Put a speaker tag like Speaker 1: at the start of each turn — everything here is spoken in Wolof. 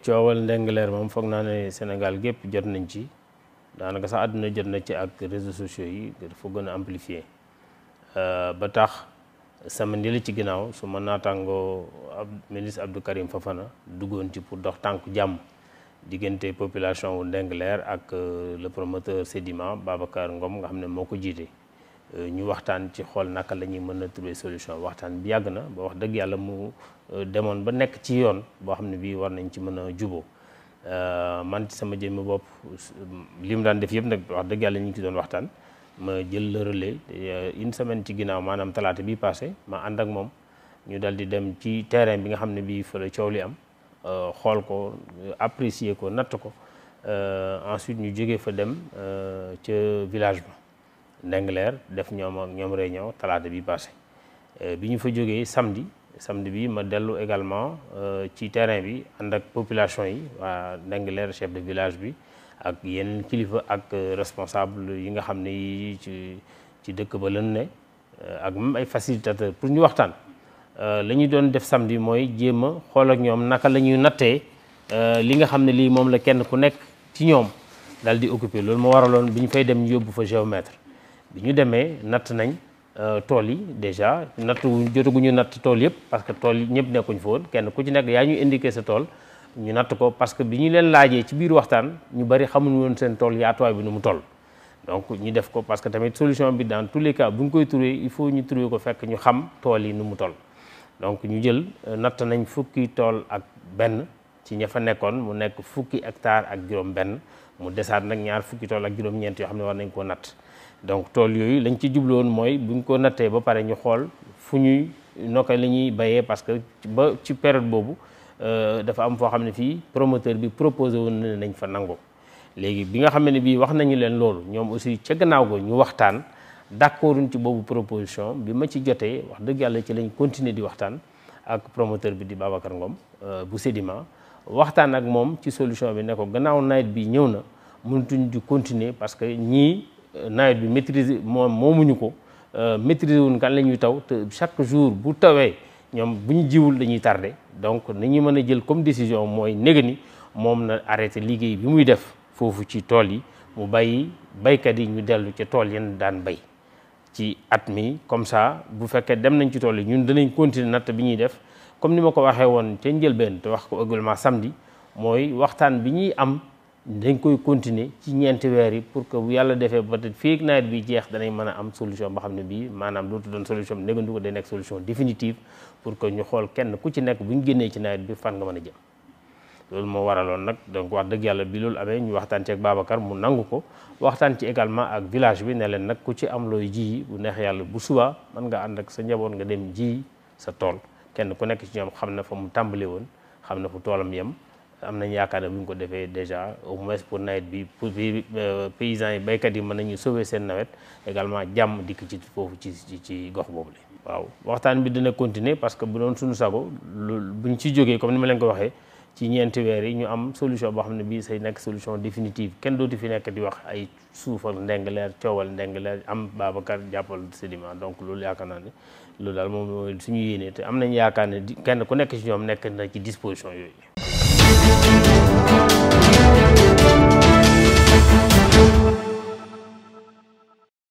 Speaker 1: coowal Ndingler moom foog naa ne Sénégal gépp jot nañ ci daanaka sax àdduna jot na ci ak réseaux sociaux yi dafa gën a amplifier euh, ba tax semaine yi la ci ginnaaw su ma naataangoo ab ministre Abdou Karim Fafana duggoon ci pour dox tànk jàmm diggante population wu Ndingler ak euh, le promoteur Sedima Babacar Ngom nga xam ne moo ko jiite. ñu waxtaan ci xool naka la ñuy mën a trouver solution waxtaan bi yàgg na boo wax dëgg yàlla mu euh, demoon ba nekk ci yoon boo xam ne bii war nañ ci mën a juboo euh, man ci sama jëmmi bopp li mu daan def yëpp nag wax dëgg yàlla ñu ngi ci doon waxtaan ma jël le relais euh, une semaine ci ginnaaw maanaam talaata bi passé maa ànd ak moom ñu dal di dem ci terrain bi nga xam ne bii fa la coow li am xool ko apprécier ko natt ko ensuite ñu jógee fa dem ca village ba Ndingler def ñoom ak ñoom réunion talaata bi passé euh, bi ñu fa jógee samedi samedi bi ma dellu également euh, ci terrain bi ànd ak population yi waa Ndingler chef de village bi ak yenn kilifa ak euh, responsable yi nga xam ne yi ci ci dëkk ba lan ne ak même ay facilitateurs pour ñu waxtaan la ñu doon def samedi mooy jéem a xool ak ñoom naka la ñuy nattee li nga xam ne lii moom la kenn ku nekk ci ñoom daal di occupé loolu moo waraloon bi ñu fay dem ñu yóbbu fa géomètre bi ñu demee natt nañ euh, tool yi déjà natt jotaguñu natt tool yëpp parce que tool yi ñëpp nekkuñ fa woon kenn ku ci nekk yaa ñuy indiqué sa tool ñu natt ko parce que bi ñu leen laajee ci biir waxtaan ñu bari xamuñu woon seen tool yaatuwaay bi nu mu toll. donc ñu def ko parce que tamit solution bi dans tous les cas bu koy trouver il faut ñu trouver ko fekk ñu xam tool yi nu mu toll. donc ñu jël euh, natt nañ fukki tool ak benn ci ña fa nekkoon mu nekk fukki hectare ak juróom-benn mu desaat nag ñaar fukki tool ak juróom-ñeent yoo xam ne war nañ koo natt. donc tool yooyu lañ ci woon mooy buñ ko nattee ba pare ñu xool fu ñuy nokka la ñuy bayee parce que ba ci période boobu euh, dafa am foo xam ne fii promoteur bi proposé woon ne nañ fa nangu léegi bi nga xam ne bii wax nañu leen loolu ñoom aussi ca gannaaw go ñu waxtaan d'accorduñ ci boobu proposition bi ma ci jotee wax dëgg yàlla ci lañ continuer di waxtaan ak promoteur bi di Babacar Ngom euh, bu Sedima waxtaan ak moom ci solution bi ne ko gannaaw nawet bi ñëw na nawet bi maîtriser moom moomuñu ko euh, maîtriser wun kan la ñuy taw te chaque jour bu tawee ñoom bu ñu jiwul dañuy tardé donc ni ñu mën a jël comme décision mooy néga ni moom na arrêté liggéey bi muy def foofu ci tool yi mu bàyyi baykat yi ñu dellu ca tool yeen daan bay ci at mi comme ça bu fekkee dem nañ ci tool yi ñun danañ continuer natt bi ñuy def comme ni ma ko waxee woon ca njëlbeen te wax ko également samedi mooy waxtaan bi ñuy am dañ koy continuer ci ñeenti weer yi pour que bu yàlla defee ba être fii ak nawet bi jeex danañ mën a am solution ba xam ne bii maanaam dootu doon solution bi négandu ko day nekk solution définitive pour que xool kenn ku ci nekk bu ñu ci nawet bi fan nga mën a loolu moo waraloon nag donc wax dëgg yàlla bi loolu amee ñu waxtaan ci mu nangu ko waxtaan ci également ak village bi ne leen nag ku ci am looy ji bu neex yàlla bu subaa mën nga ànd ak sa njaboot nga dem ji sa tool kenn ku nekk ci ñoom xam na fa mu tàmbalee woon xam na fu toolam yem am nañu yaakaar ne bu ñu ko defee déjà au moins pour nawet bi pour euh, paysans yi béykat yi mën nañu sauver seen nawet également jàmm dikk ci foofu ci ci ci gox boobu la. waaw waxtaan bi dina continuer parce que bu doon suñu sago lu buñ ci jógee comme ni ma leen ko waxee ci ñeenti weer yi ñu am solution boo xam ne bii say nekk solution définitive kenn dootu fi nekk di wax ay suufal ndengleer coowal ndengleer am Babacar jàppal sédiment donc loolu yaakaar naa n loolu daal moom suñu yéene am nañ yaakaar ne kenn ku nekk ci ñoom nekk na ci disposition yooyu.